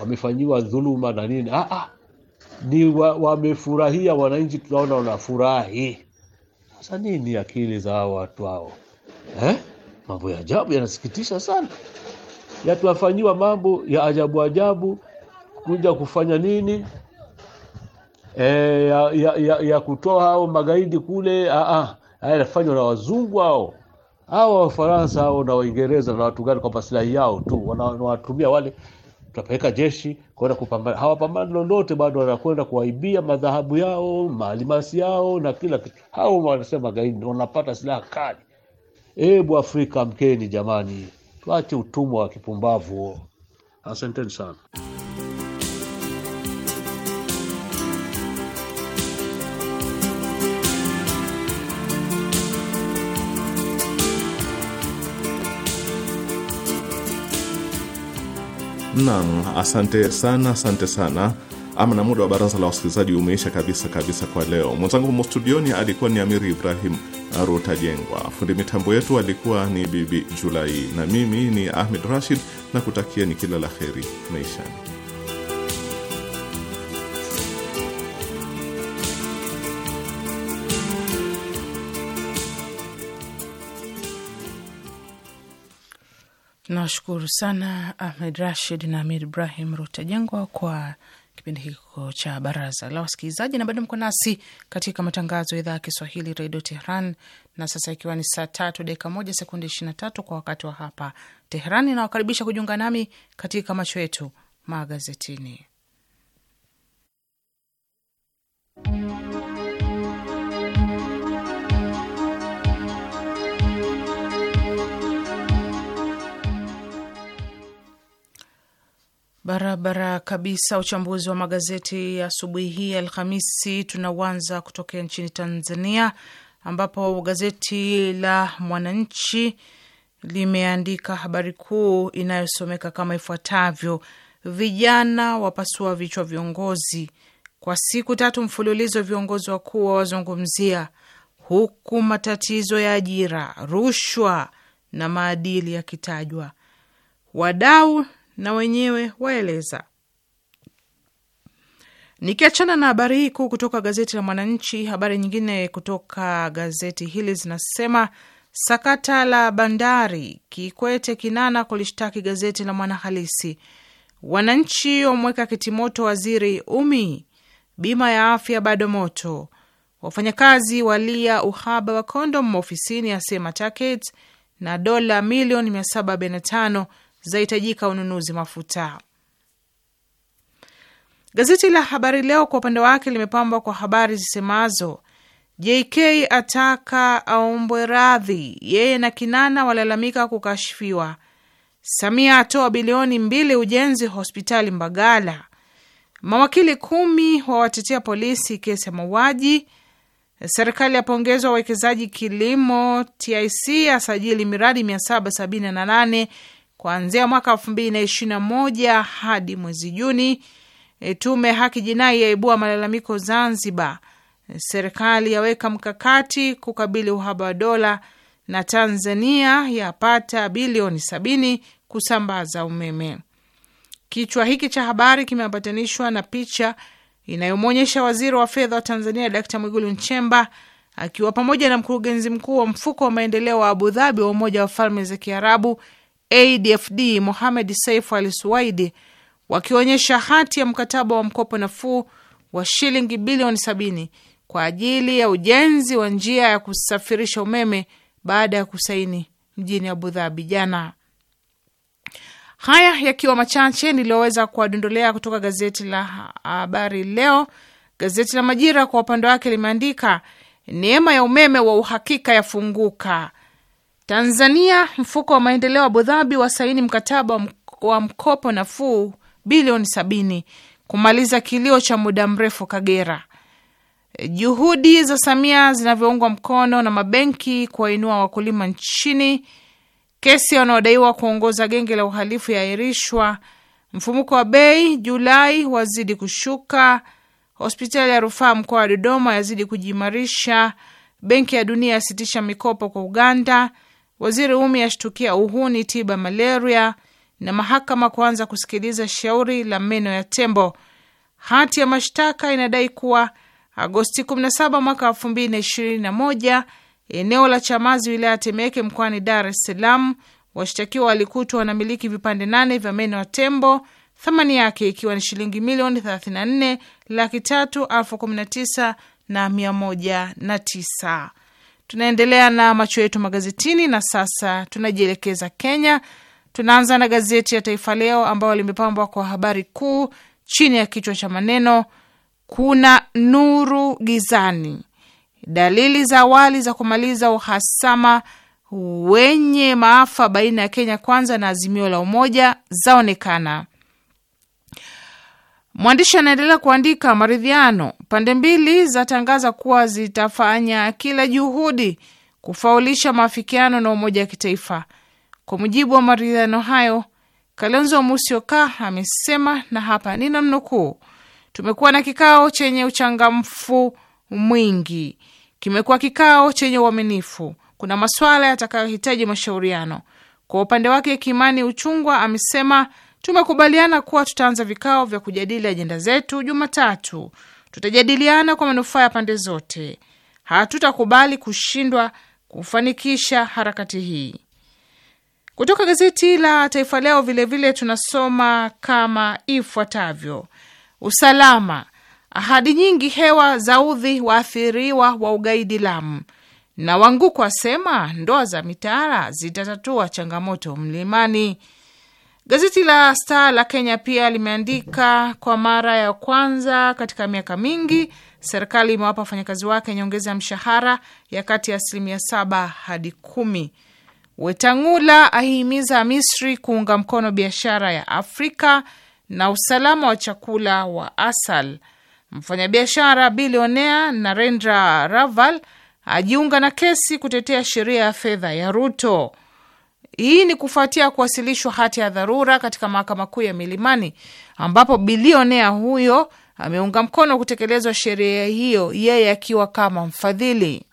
wamefanyiwa dhuluma na nini. Ah, ah, ni wamefurahia wananchi, tunaona wanafurahi. Sasa nini akili za hao watu hao eh? Mambo ya ajabu yanasikitisha sana, yatuwafanyiwa mambo ya ajabu ajabu kuja kufanya nini e, ya, ya, ya, ya kutoa hao magaidi kule. Ah, ah, na wazungu hao hao Wafaransa hao na Waingereza na watu gani, kwa maslahi yao tu wanawatumia wale tutapeleka jeshi kwenda kupambana. Hawapambani lolote, bado wanakwenda kuwaibia madhahabu yao, maalimasi yao na kila kitu. Hao wanasema magaidi wanapata silaha kali. Ebu Afrika, mkeni jamani, tuache utumwa wa kipumbavu huo. Asanteni sana.
Naam, asante sana, asante sana. Ama na muda wa baraza la wasikilizaji umeisha kabisa kabisa kwa leo. Mwenzangu humo studioni alikuwa ni Amiri Ibrahim Rutajengwa, fundi mitambo yetu alikuwa ni Bibi Julai, na mimi ni Ahmed Rashid na kutakieni kila la heri maishani.
Tunawashukuru sana Ahmed Rashid na Amir Ibrahim Rutajengwa kwa kipindi hiko cha baraza la wasikilizaji, na bado mko nasi katika matangazo ya idhaa ya Kiswahili redio Tehran. Na sasa ikiwa ni saa tatu dakika moja sekunde ishirini na tatu kwa wakati wa hapa teheran inawakaribisha kujiunga nami katika macho yetu magazetini. Barabara kabisa. Uchambuzi wa magazeti ya asubuhi hii Alhamisi tunauanza kutokea nchini Tanzania, ambapo gazeti la Mwananchi limeandika habari kuu inayosomeka kama ifuatavyo: vijana wapasua vichwa viongozi kwa siku tatu mfululizo, viongozi wakuu wawazungumzia, huku matatizo ya ajira, rushwa na maadili yakitajwa. Wadau na wenyewe waeleza. Nikiachana na habari hii kuu kutoka gazeti la Mwananchi, habari nyingine kutoka gazeti hili zinasema sakata la bandari, Kikwete Kinana kulishtaki gazeti la Mwanahalisi, wananchi wamweka kitimoto waziri Umi, bima ya afya bado moto, wafanyakazi walia uhaba wa kondom ofisini, asema Taket, na dola milioni 745 zahitajika ununuzi mafuta. Gazeti la Habari Leo kwa upande wake limepambwa kwa habari zisemazo JK ataka aombwe radhi, yeye na Kinana walalamika kukashfiwa. Samia atoa bilioni mbili ujenzi hospitali Mbagala. Mawakili kumi wawatetea polisi kesi ya mauaji. Serikali yapongezwa wawekezaji kilimo. TIC asajili miradi 778 kuanzia mwaka elfu mbili na ishirini na moja hadi mwezi Juni. E, tume haki jinai yaibua malalamiko Zanzibar. E, serikali yaweka mkakati kukabili uhaba wa dola, na Tanzania yapata bilioni sabini kusambaza umeme. Kichwa hiki cha habari kimeambatanishwa na picha inayomwonyesha waziri wa fedha wa Tanzania Dkt Mwigulu Nchemba akiwa pamoja na mkurugenzi mkuu wa mfuko wa maendeleo wa Abu Dhabi wa Umoja wa Falme za Kiarabu ADFD Mohamed Saif Al Suwaidi wakionyesha hati ya mkataba wa mkopo nafuu wa shilingi bilioni sabini kwa ajili ya ujenzi wa njia ya kusafirisha umeme baada ya kusaini mjini Abu Dhabi jana. Haya yakiwa machache niliyoweza kuwadondolea kutoka gazeti la Habari Leo. Gazeti la Majira kwa upande wake limeandika neema ya umeme wa uhakika yafunguka, Tanzania, mfuko wa maendeleo Abu wa wasaini mkataba wa mkopo nafuu bilioni sabini kumaliza kilio cha muda mrefu Kagera. E, juhudi za Samia zinavyoungwa mkono na mabenki kuwainua wakulima nchini. Kesi wanaodaiwa kuongoza genge la uhalifu yaahirishwa. Mfumuko wa bei Julai wazidi kushuka. Hospitali ya rufaa mkoa wa Dodoma yazidi kujiimarisha. Benki ya Dunia yasitisha mikopo kwa Uganda. Waziri Umi ashtukia uhuni tiba malaria, na mahakama kuanza kusikiliza shauri la meno ya tembo. Hati ya mashtaka inadai kuwa Agosti 17 mwaka 2021 eneo la Chamazi, wilaya ya Temeke, mkoani Dar es Salaam, washtakiwa walikutwa wanamiliki vipande nane vya meno ya tembo, thamani yake ikiwa ni shilingi milioni 34 laki tatu elfu na tisa Tunaendelea na macho yetu magazetini na sasa tunajielekeza Kenya. Tunaanza na gazeti ya Taifa Leo ambayo limepambwa kwa habari kuu chini ya kichwa cha maneno kuna nuru gizani, dalili za awali za kumaliza uhasama wenye maafa baina ya Kenya Kwanza na Azimio la Umoja zaonekana. Mwandishi anaendelea kuandika, maridhiano pande mbili zatangaza kuwa zitafanya kila juhudi kufaulisha maafikiano na umoja wa kitaifa. Kwa mujibu wa maridhiano hayo, Kalonzo Musyoka amesema, na hapa namnukuu tumekuwa na kikao chenye uchangamfu mwingi, kimekuwa kikao chenye uaminifu. Kuna masuala yatakayohitaji mashauriano. Kwa upande wake, Kimani Uchungwa amesema Tumekubaliana kuwa tutaanza vikao vya kujadili ajenda zetu Jumatatu. Tutajadiliana kwa manufaa ya pande zote. Hatutakubali kushindwa kufanikisha harakati hii. Kutoka gazeti la Taifa Leo vilevile tunasoma kama ifuatavyo: usalama, ahadi nyingi hewa za udhi waathiriwa wa ugaidi Lamu, na Wanguku asema ndoa za mitaara zitatatua changamoto mlimani. Gazeti la Star la Kenya pia limeandika kwa mara ya kwanza katika miaka mingi serikali imewapa wafanyakazi wake nyongeza ya mshahara ya kati ya asilimia saba hadi kumi. Wetangula ahimiza Misri kuunga mkono biashara ya Afrika na usalama wa chakula wa asal. Mfanyabiashara bilionea Narendra Raval ajiunga na kesi kutetea sheria ya fedha ya Ruto. Hii ni kufuatia kuwasilishwa hati ya dharura katika mahakama kuu ya Milimani, ambapo bilionea huyo ameunga mkono kutekelezwa sheria hiyo, yeye akiwa kama mfadhili.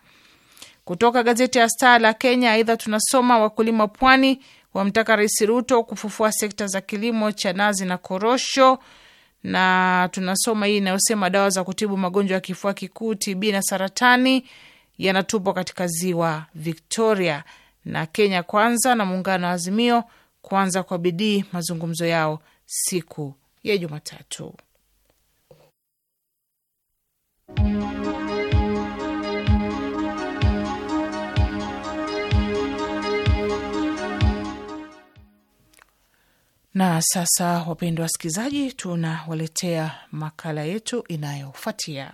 Kutoka gazeti ya Star la Kenya. Aidha, tunasoma wakulima pwani wamtaka Rais Ruto kufufua sekta za kilimo cha nazi na korosho, na tunasoma hii inayosema dawa za kutibu magonjwa ya kifua kikuu, TB na saratani yanatupwa katika ziwa Victoria na Kenya Kwanza na muungano wa Azimio kuanza kwa bidii mazungumzo yao siku ya Jumatatu. Na sasa, wapendwa wasikilizaji, tunawaletea makala yetu inayofuatia.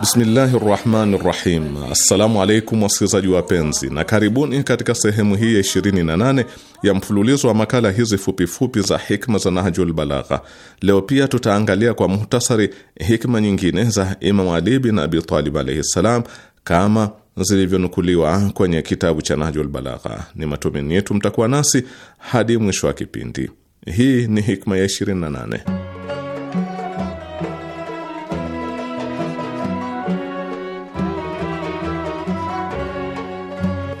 Bismillahi rahmani rahim. Assalamu alaikum wasikilizaji wapenzi, na karibuni katika sehemu hii ya 28 ya mfululizo wa makala hizi fupifupi za hikma za Nahjul Balagha. Leo pia tutaangalia kwa muhtasari hikma nyingine za Imamu Ali bin Abi Talib alaihi ssalam kama zilivyonukuliwa kwenye kitabu cha Nahjul Balagha. Ni matumaini yetu mtakuwa nasi hadi mwisho wa kipindi. Hii ni hikma ya 28.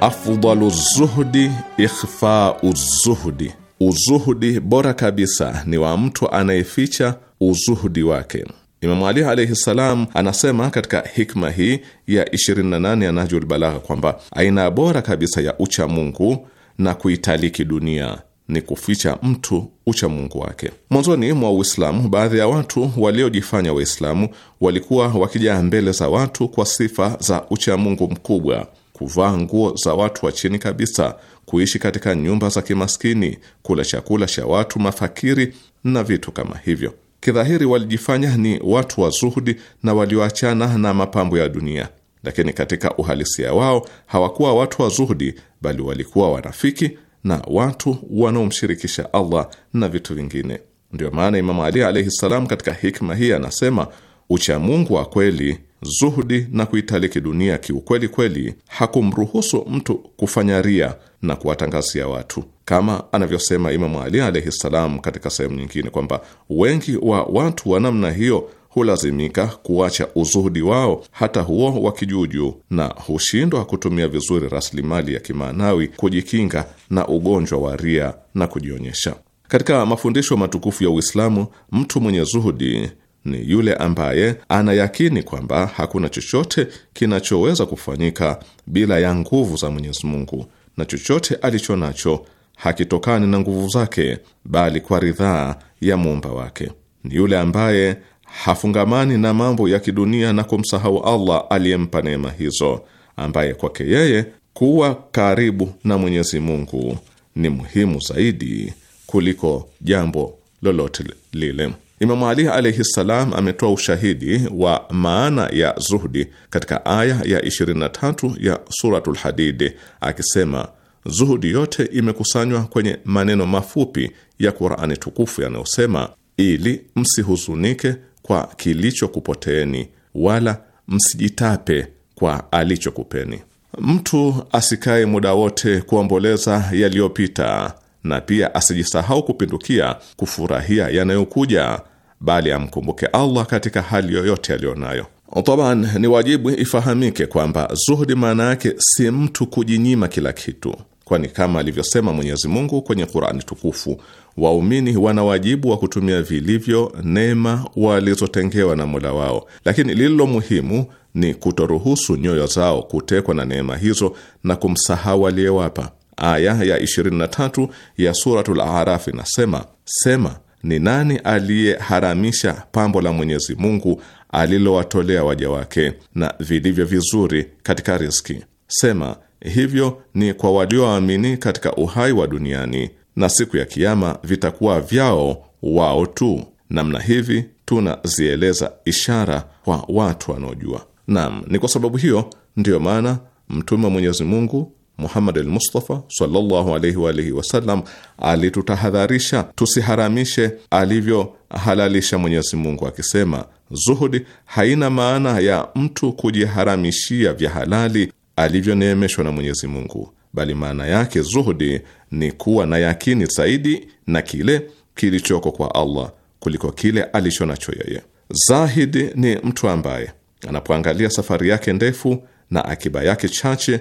afdalu zuhdi ikhfa uzuhdi, uzuhudi bora kabisa ni wa mtu anayeficha uzuhudi wake. Imamu Ali alaihi salam anasema katika hikma hii ya 28 ya Nahjul Balagha kwamba aina bora kabisa ya ucha Mungu na kuitaliki dunia ni kuficha mtu ucha Mungu wake. Mwanzoni mwa Uislamu, baadhi ya watu waliojifanya Waislamu walikuwa wakija mbele za watu kwa sifa za ucha Mungu mkubwa kuvaa nguo za watu wa chini kabisa, kuishi katika nyumba za kimaskini, kula chakula cha watu mafakiri na vitu kama hivyo. Kidhahiri walijifanya ni watu wa zuhudi na walioachana na mapambo ya dunia, lakini katika uhalisia wao hawakuwa watu wa zuhudi, bali walikuwa wanafiki na watu wanaomshirikisha Allah na vitu vingine. Ndio maana Imamu Ali alaihi salam katika hikma hii anasema uchamungu wa kweli zuhudi na kuitaliki dunia kiukweli kweli hakumruhusu mtu kufanya ria na kuwatangazia watu, kama anavyosema Imamu Ali alaihi ssalam katika sehemu nyingine kwamba wengi wa watu wa namna hiyo hulazimika kuacha uzuhudi wao hata huo wa kijuujuu na hushindwa kutumia vizuri rasilimali ya kimaanawi kujikinga na ugonjwa wa ria na kujionyesha. Katika mafundisho matukufu ya Uislamu, mtu mwenye zuhudi ni yule ambaye anayakini kwamba hakuna chochote kinachoweza kufanyika bila ya nguvu za Mwenyezi Mungu, na chochote alicho nacho hakitokani na nguvu zake, bali kwa ridhaa ya muumba wake. Ni yule ambaye hafungamani na mambo ya kidunia na kumsahau Allah aliyempa neema hizo, ambaye kwake yeye kuwa karibu na Mwenyezi Mungu ni muhimu zaidi kuliko jambo lolote lile. Imamu Ali alaihi ssalam ametoa ushahidi wa maana ya zuhdi katika aya ya 23 ya Suratul Hadid akisema, zuhudi yote imekusanywa kwenye maneno mafupi ya Qurani tukufu yanayosema, ili msihuzunike kwa kilichokupoteeni wala msijitape kwa alichokupeni. Mtu asikae muda wote kuomboleza yaliyopita na pia asijisahau kupindukia kufurahia yanayokuja, bali amkumbuke Allah katika hali yoyote aliyonayo. Taban, ni wajibu ifahamike kwamba zuhudi maana yake si mtu kujinyima kila kitu, kwani kama alivyosema Mwenyezi Mungu kwenye Qur'ani tukufu, waumini wana wajibu wa kutumia vilivyo neema walizotengewa na Mola wao, lakini lililo muhimu ni kutoruhusu nyoyo zao kutekwa na neema hizo na kumsahau aliyewapa. Aya ya 23 ya Suratul Araf inasema: Sema, ni nani aliyeharamisha pambo la Mwenyezi Mungu alilowatolea waja wake na vilivyo vizuri katika riski Sema, hivyo ni kwa walioamini katika uhai wa duniani, na siku ya Kiama vitakuwa vyao wao tu. Namna hivi tunazieleza ishara kwa watu wanaojua. Naam, ni kwa sababu hiyo ndiyo maana mtume wa Mwenyezi Mungu Muhammad al-Mustafa sallallahu wa alihi wasallam alitutahadharisha tusiharamishe alivyohalalisha Mwenyezi Mungu akisema, zuhudi haina maana ya mtu kujiharamishia vya halali alivyoneemeshwa na Mwenyezi Mungu, bali maana yake zuhudi ni kuwa na yakini zaidi na kile kilichoko kwa Allah kuliko kile alicho nacho yeye. Zahidi ni mtu ambaye anapoangalia safari yake ndefu na akiba yake chache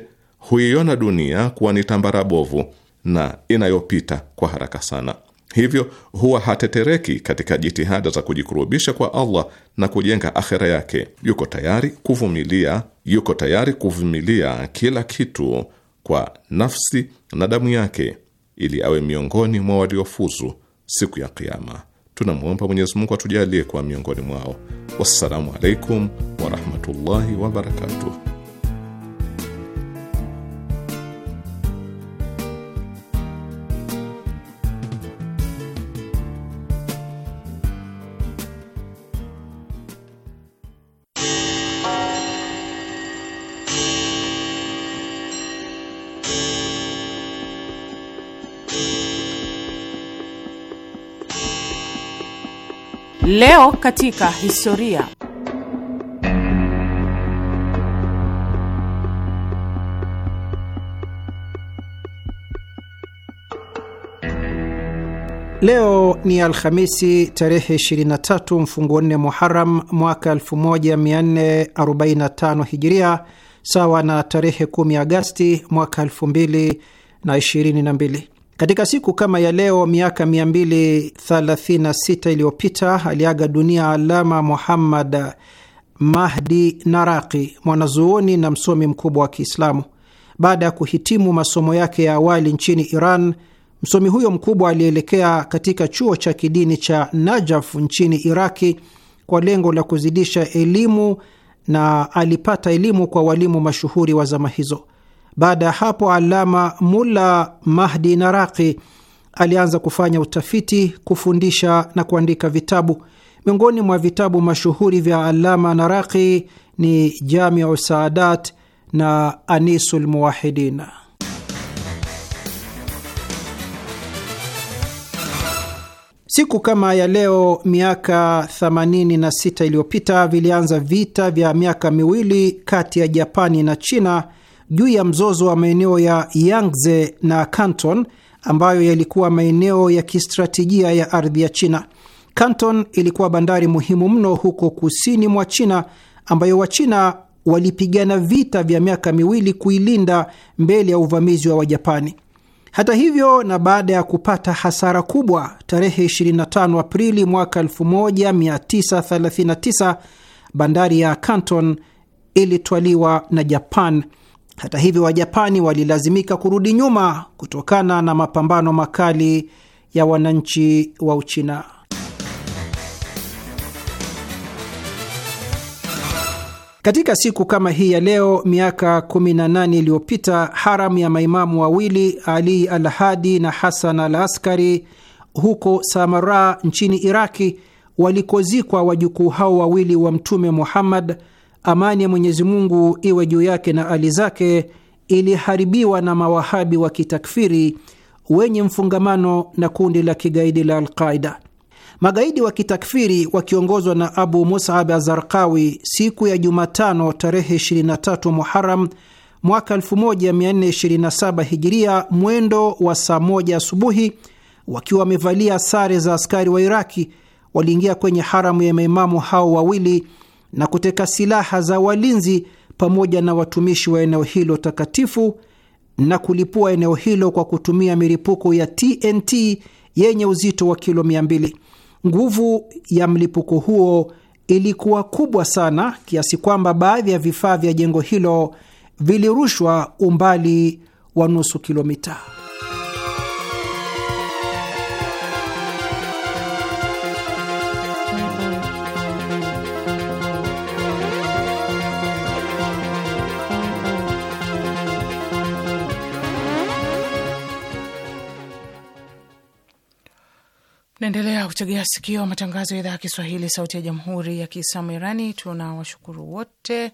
huiona dunia kuwa ni tambara bovu na inayopita kwa haraka sana. Hivyo huwa hatetereki katika jitihada za kujikurubisha kwa Allah na kujenga akhera yake. Yuko tayari kuvumilia, yuko tayari kuvumilia kila kitu kwa nafsi na damu yake ili awe miongoni mwa waliofuzu siku ya kiama Tunamwomba Mwenyezi Mungu atujalie kuwa miongoni mwao. Wassalamu alaikum warahmatullahi wabarakatuh.
Leo katika historia.
Leo ni Alhamisi tarehe 23 mfunguo nne Muharam mwaka 1445 Hijiria, sawa na tarehe 10 Agasti mwaka 2022. Katika siku kama ya leo miaka 236 iliyopita aliaga dunia Alama Muhammad Mahdi Naraqi, mwanazuoni na msomi mkubwa wa Kiislamu. Baada ya kuhitimu masomo yake ya awali nchini Iran, msomi huyo mkubwa alielekea katika chuo cha kidini cha Najaf nchini Iraki kwa lengo la kuzidisha elimu na alipata elimu kwa walimu mashuhuri wa zama hizo. Baada ya hapo, Alama Mulla Mahdi Naraqi alianza kufanya utafiti, kufundisha na kuandika vitabu. Miongoni mwa vitabu mashuhuri vya Alama Naraqi ni Jamiu Saadat na Anisu Muwahidin. Siku kama ya leo miaka 86 iliyopita vilianza vita vya miaka miwili kati ya Japani na China juu ya mzozo wa maeneo ya Yangtze na Canton ambayo yalikuwa maeneo ya kistratejia ya ardhi ya China. Canton ilikuwa bandari muhimu mno huko kusini mwa China ambayo Wachina walipigana vita vya miaka miwili kuilinda mbele ya uvamizi wa Wajapani. Hata hivyo, na baada ya kupata hasara kubwa, tarehe 25 Aprili mwaka 1939 bandari ya Canton ilitwaliwa na Japan hata hivyo, Wajapani walilazimika kurudi nyuma kutokana na mapambano makali ya wananchi wa Uchina. Katika siku kama hii ya leo miaka 18 iliyopita haramu ya maimamu wawili Ali al Hadi na Hasan al Askari huko Samara nchini Iraki, walikozikwa wajukuu hao wawili wa Mtume Muhammad amani ya Mwenyezi Mungu iwe juu yake na ali zake, iliharibiwa na mawahabi wa kitakfiri wenye mfungamano na kundi la kigaidi la Alqaida. Magaidi wa kitakfiri wakiongozwa na Abu Musab Azarqawi siku ya Jumatano tarehe 23 Muharam mwaka 1427 Hijiria, mwendo wa saa moja asubuhi, wakiwa wamevalia sare za askari wa Iraki, waliingia kwenye haramu ya maimamu hao wawili na kuteka silaha za walinzi pamoja na watumishi wa eneo hilo takatifu na kulipua eneo hilo kwa kutumia milipuko ya TNT yenye uzito wa kilo 200. Nguvu ya mlipuko huo ilikuwa kubwa sana kiasi kwamba baadhi ya vifaa vya jengo hilo vilirushwa umbali wa nusu kilomita.
Naendelea kuchegea sikio matangazo ya idhaa ya Kiswahili, sauti ya jamhuri ya kiislamu Irani. Tuna washukuru wote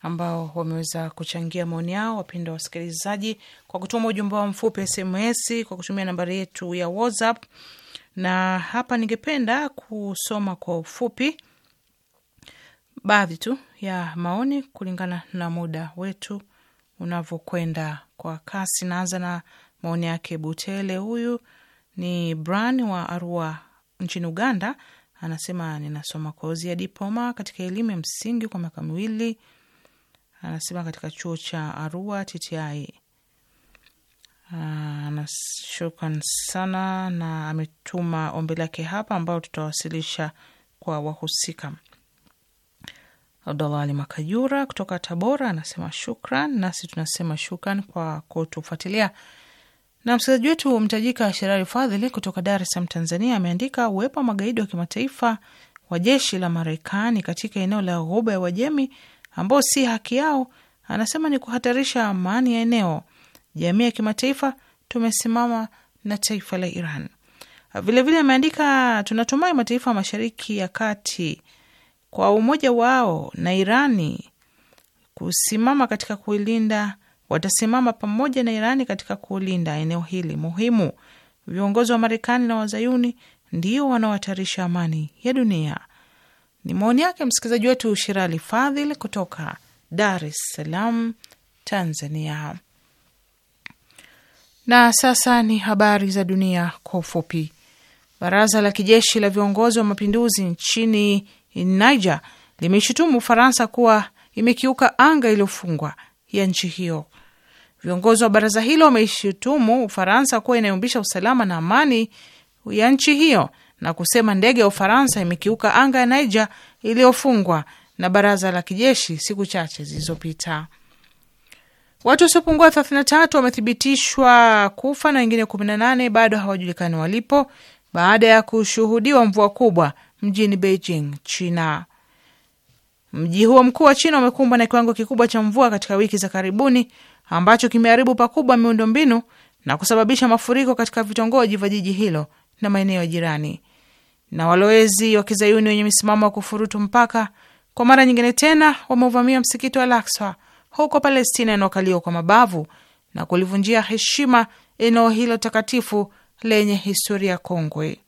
ambao wameweza kuchangia maoni yao, wapenda wasikilizaji, kwa kutuma ujumbe wao mfupi SMS kwa kutumia nambari yetu ya WhatsApp. Na hapa ningependa kusoma kwa ufupi baadhi tu ya maoni kulingana na muda wetu unavyokwenda kwa kasi. Naanza na maoni yake Butele huyu ni Bran wa Arua nchini Uganda, anasema ninasoma kozi ya diploma katika elimu ya msingi kwa miaka miwili, anasema katika chuo cha Arua TTI. Anashukran sana na ametuma ombi lake hapa, ambayo tutawasilisha kwa wahusika. Abdallah Ali Makajura kutoka Tabora anasema shukran, nasi tunasema shukran kwa kutufuatilia. Na msikilizaji wetu mtajika Sherari Fadhili kutoka Dar es Salaam, Tanzania, ameandika uwepo wa magaidi wa kimataifa wa jeshi la Marekani katika eneo la Ghuba ya Uajemi ambao si haki yao, anasema ni kuhatarisha amani ya eneo. Jamii ya kimataifa tumesimama na taifa la Iran. Vilevile ameandika tunatumai mataifa ya Mashariki ya Kati kwa umoja wao na Irani kusimama katika kuilinda watasimama pamoja na Irani katika kulinda eneo hili muhimu. Viongozi wa Marekani na Wazayuni ndio wanaohatarisha amani ya dunia. Ni maoni yake msikilizaji wetu Shirali Fadhil kutoka Dar es Salaam, Tanzania. Na sasa ni habari za dunia kwa ufupi. Baraza la kijeshi la viongozi wa mapinduzi nchini Niger limeshutumu Ufaransa kuwa imekiuka anga iliyofungwa ya nchi hiyo. Viongozi wa baraza hilo wameishutumu Ufaransa kuwa inayumbisha usalama na amani ya nchi hiyo na kusema ndege ya Ufaransa imekiuka anga ya Niger iliyofungwa na baraza la kijeshi siku chache zilizopita. Watu wasiopungua 33 wamethibitishwa kufa na wengine 18 bado hawajulikani walipo baada ya kushuhudiwa mvua kubwa mjini Beijing, China. Mji huo mkuu wa China umekumbwa na kiwango kikubwa cha mvua katika wiki za karibuni ambacho kimeharibu pakubwa miundombinu na kusababisha mafuriko katika vitongoji vya jiji hilo na maeneo jirani. Na walowezi wa kizayuni wenye misimamo ya kufurutu mpaka kwa mara nyingine tena wameuvamia msikiti wa Al-Aqsa huko Palestina inaokaliwa kwa mabavu na kulivunjia heshima eneo hilo takatifu lenye historia kongwe.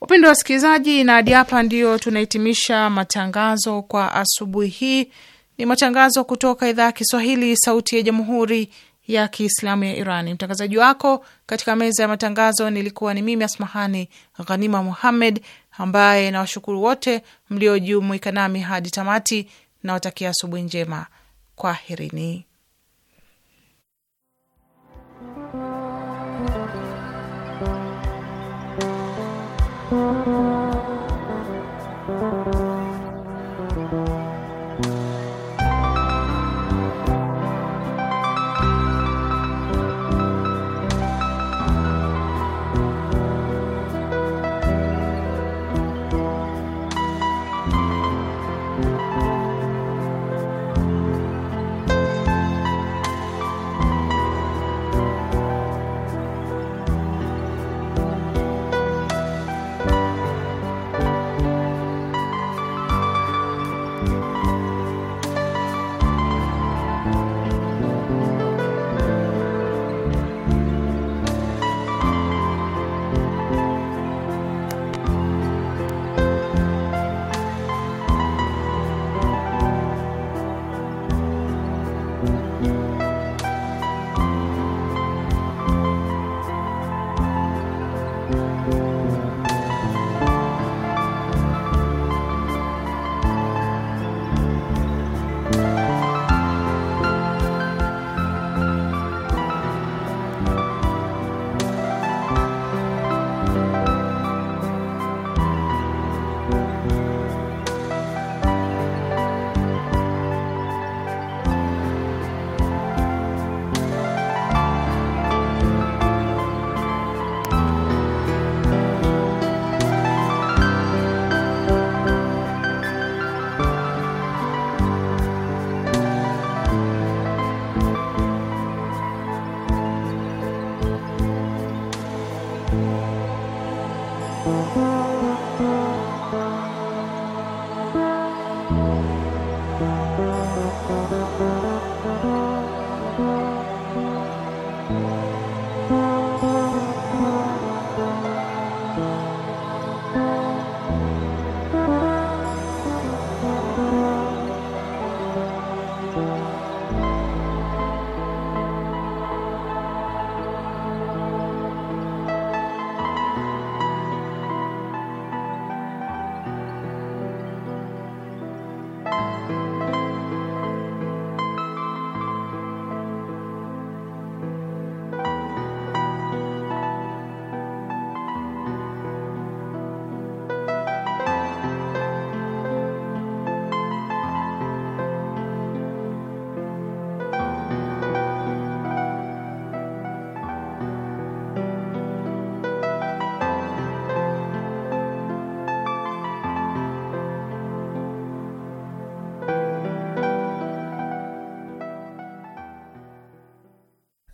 Upendo wa wasikilizaji, na hadi hapa ndio tunahitimisha matangazo kwa asubuhi hii ni matangazo kutoka idhaa ya Kiswahili, sauti ya jamhuri ya kiislamu ya Iran. Mtangazaji wako katika meza ya matangazo nilikuwa ni mimi Asmahani Ghanima Muhammed, ambaye nawashukuru wote mliojumuika nami hadi tamati. Nawatakia asubuhi njema, kwaherini.